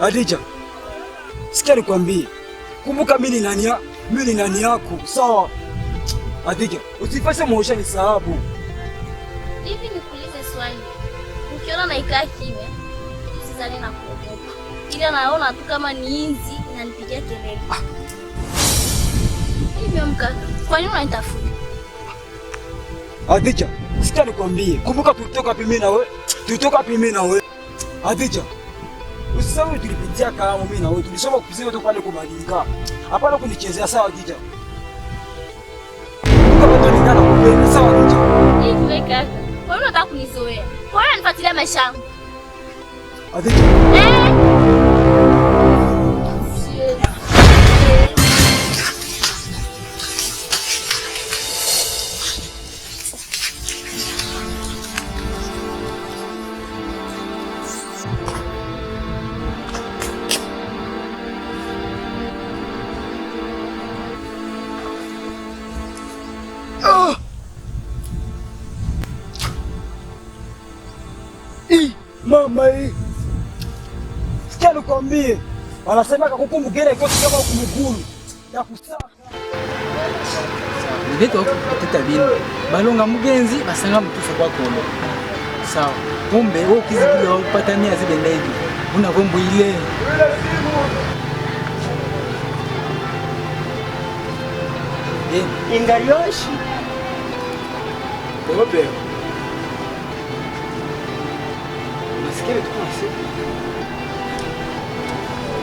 Adija, sikia nikwambie, kumbuka mimi ni nani yako, sawa? Adija, usipase mwosha ni sababu. Hivi nikuulize swali, ukiona naikaa kimya, usizani na kuogopa, ila naona tu kama ni inzi inanipigia kelele. Ah. Hivyo mkaka, kwa nini unanitafuta? Adija, sikia nikwambie, kumbuka tulitoka pimi na we, Tulitoka pimi na we. Adija Usisahau tulipitia kalamu mimi na wewe. Tulisoma kupitia yote pale kubadilika. Hapana kunichezea sawa jija. Kama tunakaa na kupenda sawa jija. Hivi wewe kaka, kwa nini unataka kunizoea? Kwa nini unanifuatilia maisha yangu? Adiki. Eh. anasemeka kukumbukile kosi kama kumukulu ya kusaka bibeto kuteta bino balonga mugenzi basanga mutufa kwakolo sawa kumbe wo kizibila wakupatania zibenda hivi unavombwile ingalioshi obe masikile tukunasika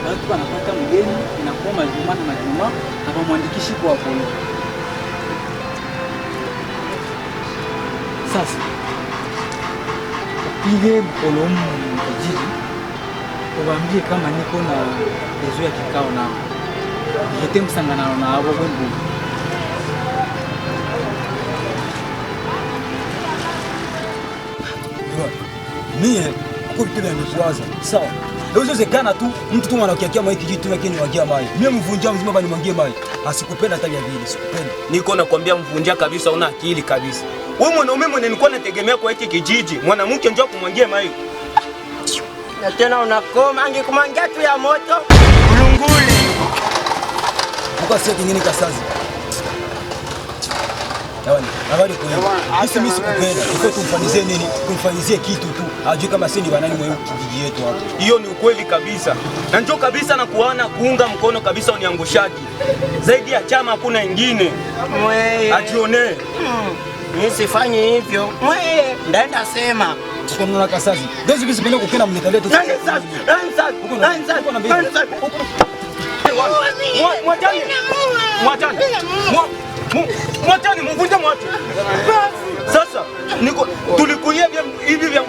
na mtu anapata mgeni inakuwa majuma na majuma hapamwandikishi kwa Apollo. Sasa upige Bukolomu mjini, uwaambie kama niko na ezo ya kikao nao, jete msanganano na abo bwembugu mie kubikilanisiwaza sawa Haiwezekana tu mtu tu anakiakia maji kijiji tu lakini mwagia maji. Mimi mvunja mzima bali mwagie maji. Asikupenda hata vile, sikupenda. Niko nakwambia mvunja kabisa, una akili kabisa. Wewe mwanaume mwenye nilikuwa nategemea kwa hiki kijiji, mwanamke njoo kumwagia mai Na tena unakoma angekumwangia tu ya moto. Ulunguli. Ukasikia kingine kasazi. Sisi mimi sikupenda, tumfanyizie nini? Tumfanyizie kitu tu, ajue kama sisi ni wanani mwe kijiji yetu hapo. Hiyo ni ukweli kabisa, na njoo kabisa na kuana kuunga mkono kabisa uniangushaji zaidi ya chama, hakuna ingine ajione. Mimi hivyo mweye, ndaenda sema Mwachane. Mwachani mvunje mwache. Sasa niko tulikuia hivi vya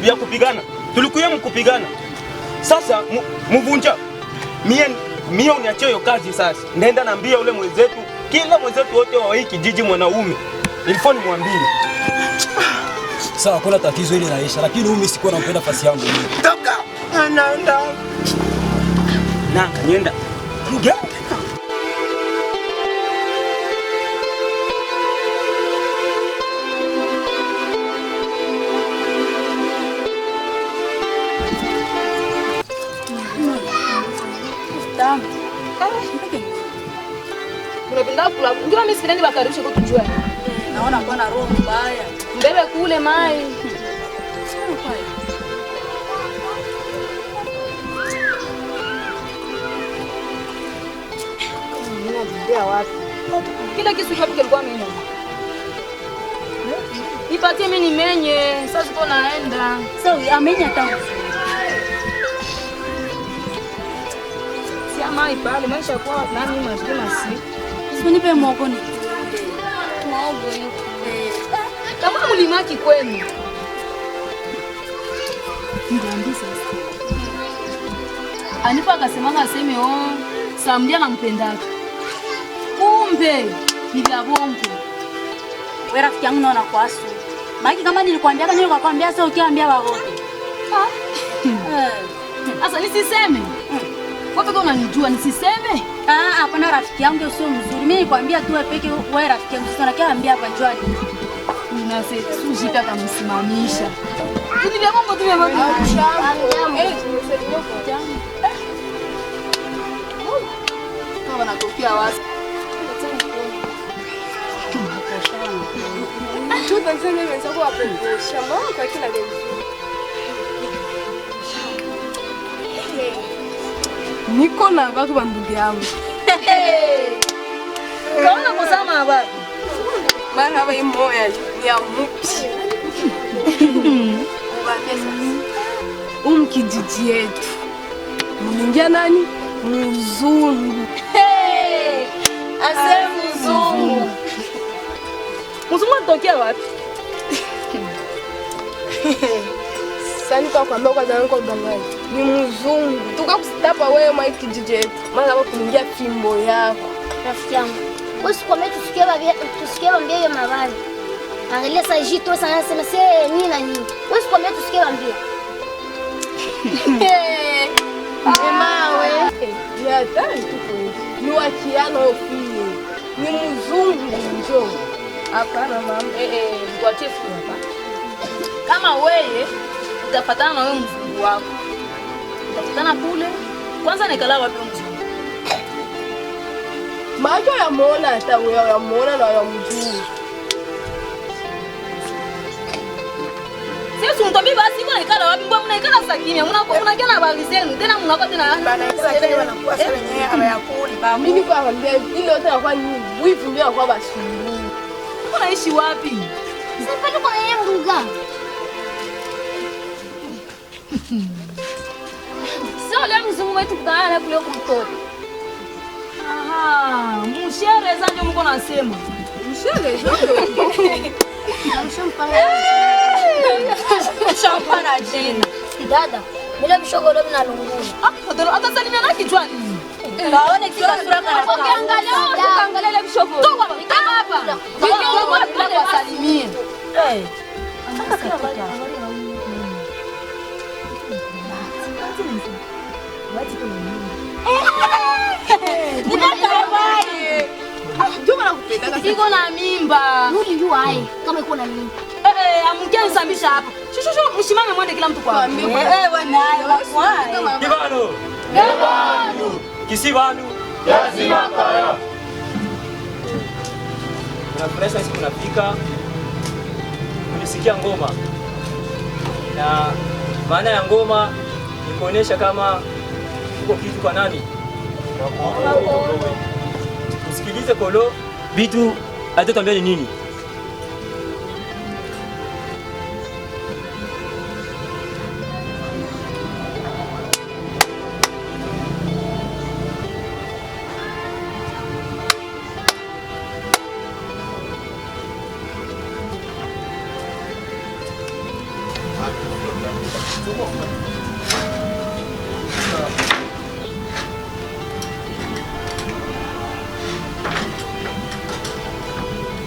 vya kupigana. Tulikuia mkupigana. Sasa mvunja. Mie mie uniachie hiyo kazi sasa. Nenda naambia ule mwenzetu, kila mwenzetu wote wa hiki kijiji mwanaume. Ilikuwa ni mwambie. Sawa, kuna tatizo ile naisha, lakini umi sikuwa nampenda fasi yangu. Toka. Anaenda. Na, nyenda. Ngea. wapi? Unapenda kula. Ndio mimi sipendi bakaribishe kwa tujue. Naona mbona roho mbaya. Mbele kule mai. Wapi? Kila kisu hapo kilikuwa mimi. Hmm? Ipatie mimi nimenye. Sasa tuko naenda. Sasa amenya tangu. mai maisha kwa nani mashina si. Usinipe mwogo ni. Mwogo yuko. Kama mlimaki kwenu. Ndiambi sasa. Anipa akasemanga aseme oh, Samdia nampendaka. Kumbe ni vya bongo. Wewe rafiki yangu naona kwa asu. Maiki kama nilikwambia kama nilikwambia sasa ukiambia wao. Ah. Eh. Asa nisiseme. Kaka unanijua nisiseme? Ah, hapana rafiki yangu sio mzuri. Mimi nikwambia tu wewe peke wewe rafiki yangu sana kia ambia kwa jua ni. Una suji kaka msimamisha. Hivi ndio mambo tu ya mambo. Eh, kama natokea wasi. Tu tanzania mwenza kwa hapo. Shamba kwa kila kitu. niko na watu wa ndugu yangu. Kaona kusama habari. Bana hapa imoya ni ya mupi. Umkijiji yetu mningia nani? Mzungu. Hey! Ase mzungu. Mzungu anatokea wapi? Sasa niko kwambia kwa zangu kwa mbangaji ni mzungu, tukakustapa wewe mwa kijiji yetu, maana hapo kuingia fimbo yako rafiki yangu. Tusikie wambia hiyo mavazi, angalia sasa hii jito sana sana se nini na nini, wewe sikwambia, tusikie wambia mawe Ya tani jatani ni wakiano ofie ni mzungu njo hapana mama, eh eh, kwa tuachie hapa. Kama wewe utapatana na wewe mzungu wako Tana kule. Kwanza nikala wapi mjuu? Macho ya muona hata wewe ya muona na ya mjuu. Sisi tunatambia basi kwa nikala wapi kwa mnaikala sakini. Mna kwa mna kana bali zenu. Tena mna kwa tena. Bana sakini wanakuwa sana yenyewe eh? hayakuli baba. Mimi kwa kwambia ile yote kwa nini? Wivu ndio kwa basi. Unaishi wapi? Sasa kwa yeye mruga. leo leo mzimu wetu kukaana kule kumtoni. Aha, mshere zangu mko nasema. Mshere zangu. Shampana tena. Dada, bila mshogoro mna lunguni. Ah, ndio atasalimia na kichwa nini? Naona kila sura kana. Ukiangalia, ukiangalia ile mshogoro. Toka hapa, toka hapa. Ndio kwa kusalimia. Eh. Anataka kutoka. Iko na mimba. Ulijua hai kama iko na mimba. Eh, eh amkia nisambisha hapa. Shushu shushu mshimame mwende kila mtu kwa mimba. Eh, eh wanayo. Eh, Kibano. Kibano. Kisibanu. Lazima kaya. Na pressure siku nafika. Nilisikia ngoma. Na maana ya ngoma ni kuonesha kama Uko kitu kwa nani? Usikilize Kolo, vitu alizotwambia ni nini?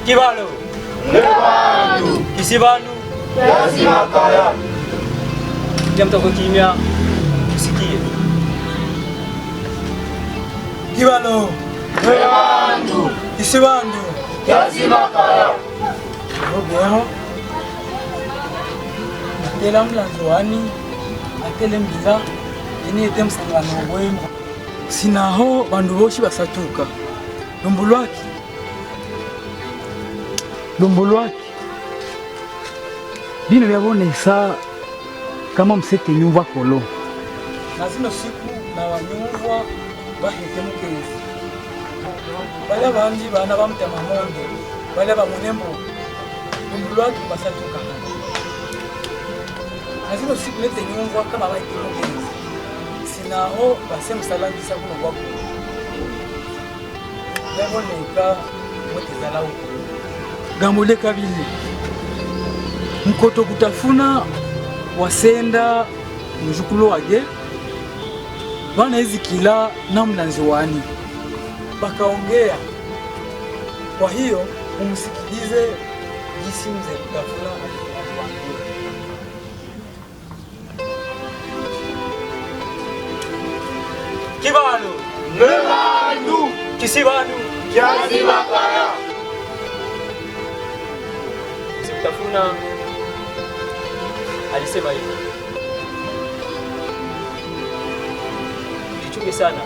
Kibalo Nebandu Kisibandu Yasi Makaya. Kila mtu kwa kimya usikie. Kibalo Nebandu Kisibandu Yasi Makaya. Robo yao Atela mlanzoani atele mbiza iniete msangano wembo sinaho bandu boshi basatuka lumbulwaki lumbu lwaki bino byabonesa kama museke nyumva kolo na zino siku na wanyumva bahete mukezi bala bandi bana bamutema monde bala bamunembo lumbu lwaki basatuka na zino siku nete nyumva kama bahete mukezi sinaho base musalangisa kuno kwakolo byaboneka mwetezalaukulu gamboleka bili mkoto kutafuna wasenda mjukulu wage wanaizikila na wani bakaongea. Kwa hiyo mumusikilize jisi mzee kutafuna kibandu kibandu kisibanu kiazibakara Tafuna alisema hivyo jichunge sana,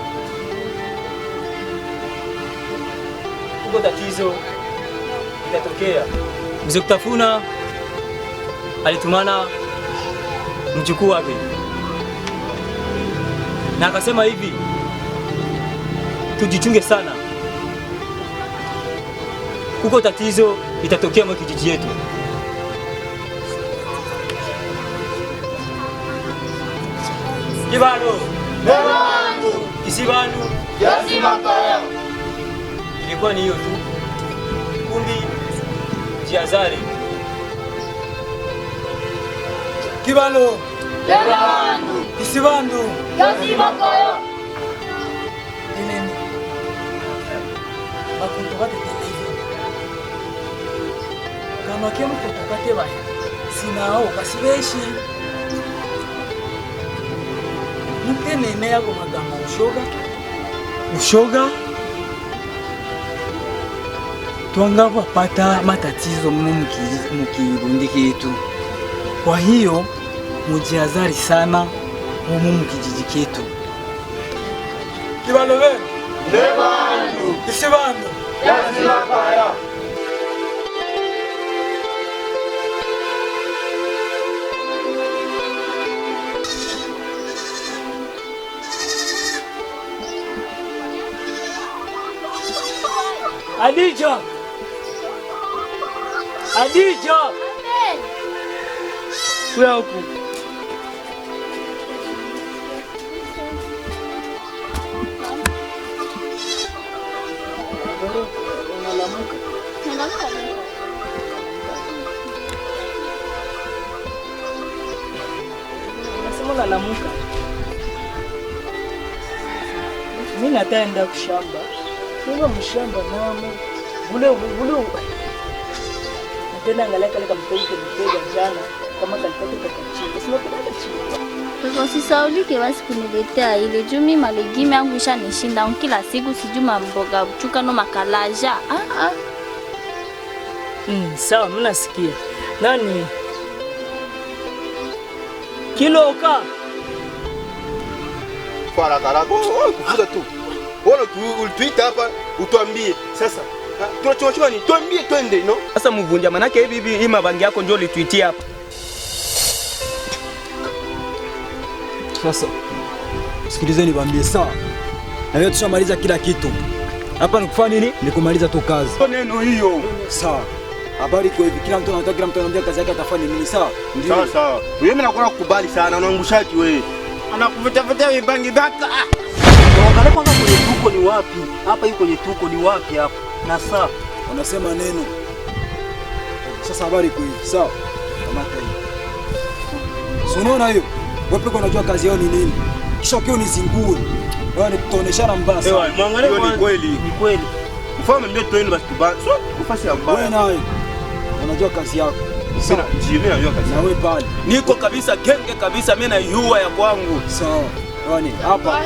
uko tatizo litatokea. Mzee Kutafuna alitumana mjukuu wake na akasema hivi, tujichunge sana, kuko tatizo itatokea mwa kijiji yetu. Ni bado isi bandu ilikuwa ni hiyo tu. Kumbi jiazari kibalo isi bandu bakuntu bateteleye kamakemukutokate bahe sinao basi mukenene yago magambo bushoga bushoga twanga wapata matatizo mno mukirundi ketu. Kwa hiyo mujihadhari sana humu mukijiji ketu. Kibalo we ndebandu isibandu yazilakaya Adija. Adija. Amen. Kula huku. Mimi nataka kushamba. Kuna mshamba mama. Ule ule. Napenda angalia kale kama mtoto mtega jana kama kalipata kakachi. Sina kudaka chini. Sasa usisaulike basi kuniletea ile jumi malegime yangu nishinda kila siku sijui mamboga uchuka no makalaja. Ah ah. Mm, sawa mnasikia. Nani? Kiloka. Kwa rakarako, oh, oh, kufuta tu. Wewe ulituita hapa utuambie sasa tunachochoa ni tuambie twende no. Sasa mvunja manake hivi hivi hii mabangi yako ndio ulituitia hapa. Sasa sikilizeni niwaambie sawa. Na leo tushamaliza kila kitu. Hapa ni kufanya nini? Ni kumaliza tu kazi. Neno hiyo. Sawa. Habari kwa hivi kila mtu anataka kila mtu anambia kazi yake atafanya nini sawa? Ndio. Sawa sawa. Wewe mimi nakuona kukubali sana unaangushaji wewe. Anakuvuta vuta vibangi baka. Unaangalia kwanza kwenye tuko ni wapi? Hapa hii kwenye tuko ni wapi hapa? Na saa unasema neno. Sasa habari kwa hiyo. Sawa. Kamata hiyo. Si unaona hiyo? Wewe pekee unajua kazi yao ni nini? Kisha ukiwa unizingue. Wewe ni kutoneshana mbasa. sana. Ewa, mwangalie kwa ni kweli. Ni kweli. Ufahamu ndio tueni basi tubaki. Sio kufasi mbaya. Wewe na hiyo. Unajua kazi yako. Sina jimi najua kazi. Na wewe pale. Niko kabisa genge kabisa mimi na yua ya kwangu. Sawa. Wewe ni yaani, hapa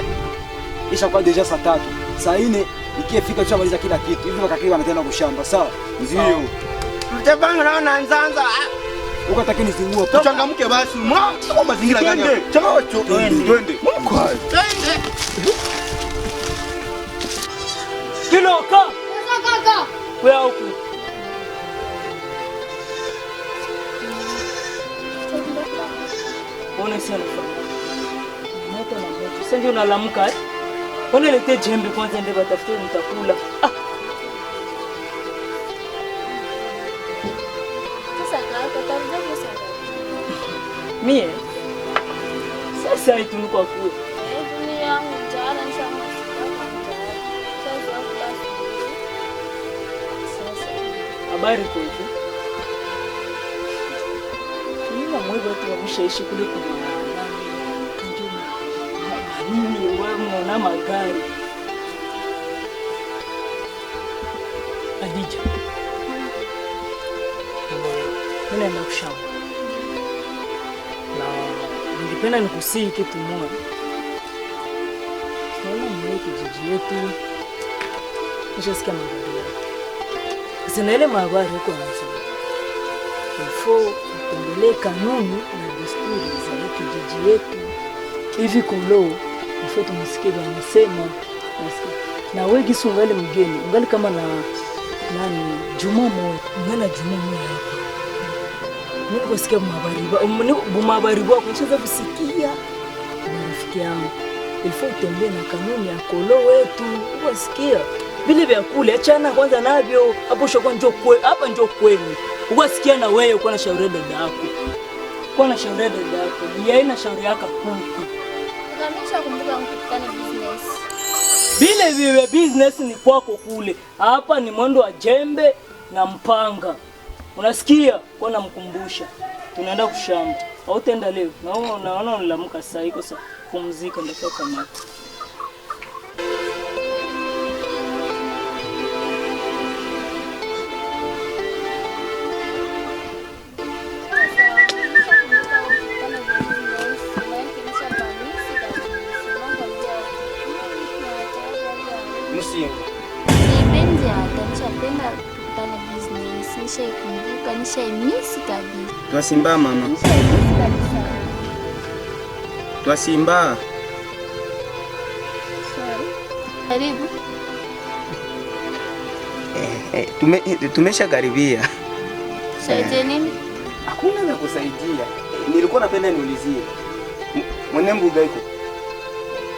ishakuwa deja saa tatu, saa nne ikifika tushamaliza kila kitu hivi, wakakili wanatenda kushamba. Sawa ndio mtabano naona nzanza ah. uko taki nizingua, tuchangamke basi, mwa mazingira gani? Chacho, twende twende, Kiloka kaka, wewe huko ona sana moto na moto, sasa ndio eh Wanalete jembe kwanza, ende batafute mtakula. Ah. Mie sasa itulikwa kule eh, habari kwetu, ila mwewe watu mshaishi kule kuna mjini ambayo mnaona magari. Adija, naenda kushauri na ningependa nikusihi kitu moja. Naona mwenyewe kijiji yetu nishasikia magari yake, sina ile magari huko nazima fo upendelee kanuni na desturi za kijiji yetu hivi koloo nafaa tumsikize anasema. Na wewe Gisu ungali mgeni, ungali kama na nani Juma moyo, ungali na Juma moyo hapa. Mungu asikia bumabariba, umuni ba um, kuncheza kusikia. Rafiki yangu, ilifaa utembee na kanuni ya kolo wetu, uwasikia. Vile vya kule achana kwanza navyo, hapo shoka njoo kwe, hapa njoo kwenu. Uwasikia na wewe kwa na shauri dada yako. Kwa na shauri dada yako, yeye na shauri yako kwa vile vile business ni kwako kule, hapa ni mwendo wa jembe na mpanga. Unasikia? Kwa namkumbusha tunaenda kushamba, hautaenda leo. Naona unalamka saa iko saa, kumzika ndio kamata msingi. Ni bendi tukutane business. kabisa. Twasimba mama. Twasimba. Karibu. Eh, eh tumesha karibia. Saidie nini? Eh. Hakuna la kusaidia. Eh, nilikuwa napenda niulizie. mbuga iko.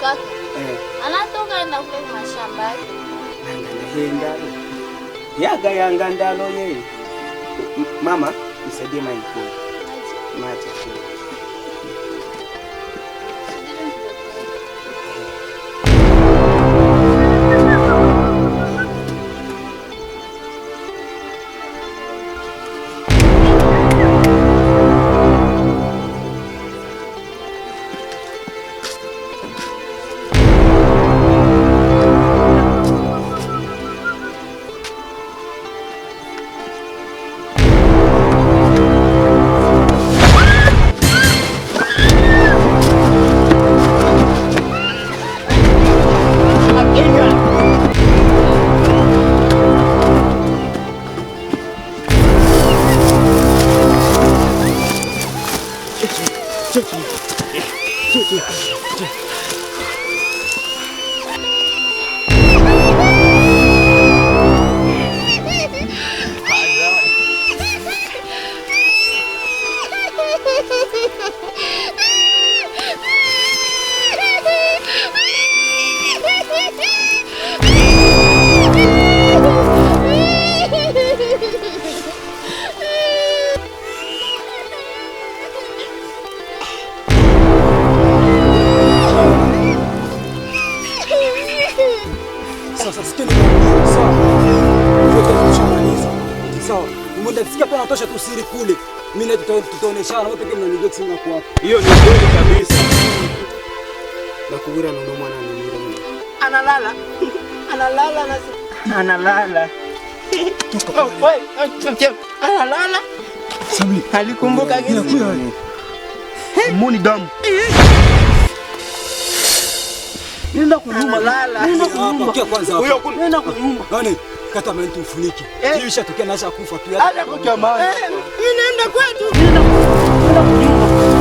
Kaka. Eh. Anatoka na kwenda gwendalo yaga ndalo ye mama msaidie maiko macha 这这这。Mimi na tutaoneshana wote kama ni Jackson kwa kwako. Hiyo ni kweli kabisa. Na kuwira na ndomo na nini. Analala. Analala na analala. Oh, analala. Sabi. Alikumbuka kitu. Muni damu. Nenda kunyuma. Nenda kunyuma. Huyo kuna. Nenda kunyuma. Nani? kata amentu ufunike. Eh. Hiyo ishatokea naanza kufa tu. Yaani Hata kwa jamani. Eh, eh, mimi naenda kwetu. Eh, eh. Mimi naenda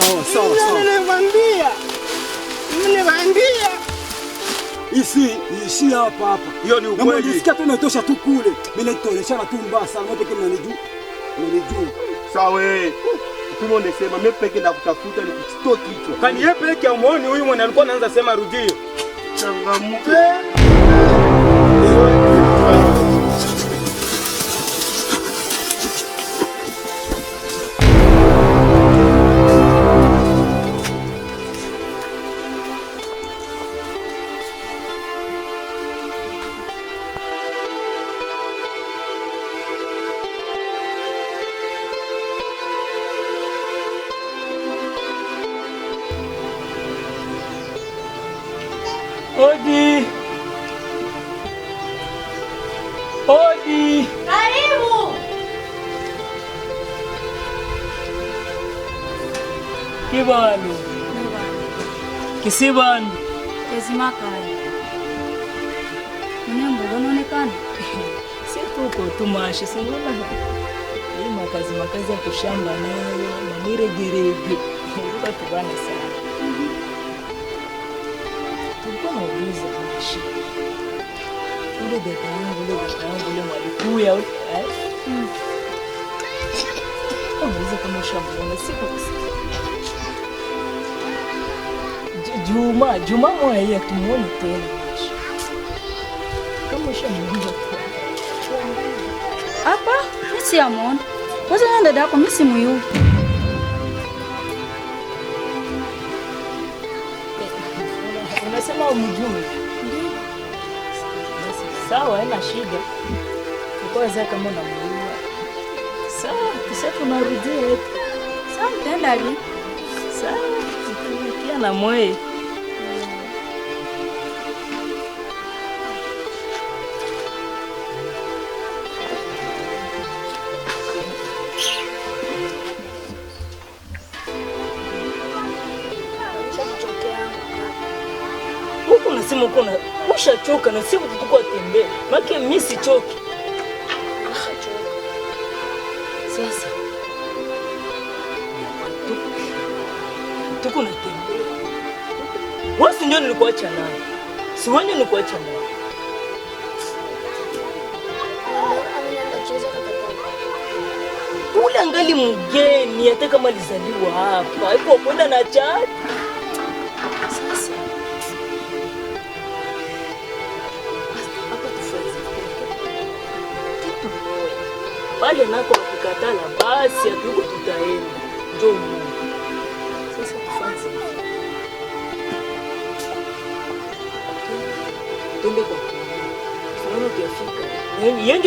Sawa sawa sawa. Mimi naambia. Isi ishi hapa hapa. Hiyo ni ukweli. Na nisikia tu natosha tu kule. Mimi nitolesha na tumba sana moto kama niju. Niju. Sawa. Kimo ndesema mimi peke na ni kitito kichwa. Kani yeye peke umuoni huyu mwana alikuwa anaanza sema rudio. Changamuke. Eh. Hodi. Karibu. Kibano. Kisibano. Kibanu. Kisibanu. Kesimakaya. Mnembo unaonekana? Si tuko tumashe singona. Hii makazi makazi ya kushamba nayo na miregerege. Ndio tubane sana. ule baba yangu ule baba yangu ule mwalikuya eh? kama ushamuona siku Juma Juma mwaiye tumuone tena kama ushamuona hapa misiamona wazana dada yako misimuyuu unasema umjui sawa, haina shida. Kwanza kama unamuua sawa, kisha tunarudia. Sawa, mtenda sawa, tukikia na moyo nimeshachoka na siku kutukua tembea, make mimi sichoki. Sasa tuko na tembea, wewe si ndio nilikuacha naye? Si wewe nilikuacha naye? Ule angali mgeni, hata kama alizaliwa hapa, hapo kwenda na chati pale nako akikatala, basi atuko tutaenda njo sasa kufanza tumbe yaani,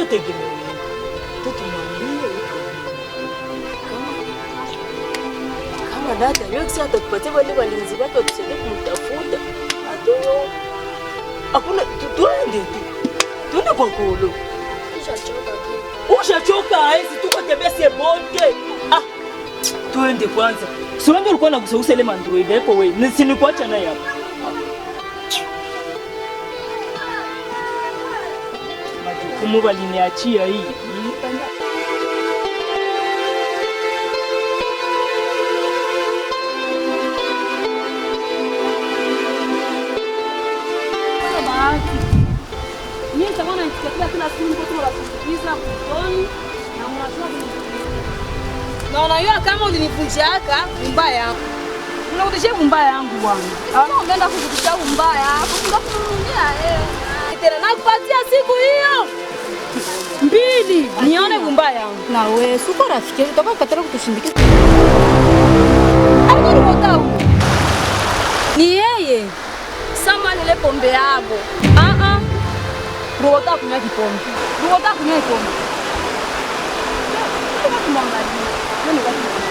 kama dada yoksi atakupatia wale walinzi wake wakusaidia kumtafuta atuyo hakuna tuende tu tuende kwa kulu Ushachoka hizi tuko tebese bonge. Ah. Twende kwanza. Siwende ulikuwa unagusagusa ile mandroid hapo wewe. Nisinikuacha naye Majukumu waliniachia hii kuingiza mfukoni na unatoa na unajua kama ulinivunjia haka yangu. Unakutisha nyumba yangu bwana. Sasa umeenda kukutisha nyumba yako. Tunakurudia eh. Tena nakupatia siku hiyo. Mbili, nione nyumba yangu. Na wewe suko rafiki, utakuwa katara kutushindikiza. Hapo ni Ni yeye. Sama nile pombe yako. Ah ah. Ruota kunywa kipombe. Ruota kunywa kipombe. Ndio, ndio kumwangalia. Ndio ni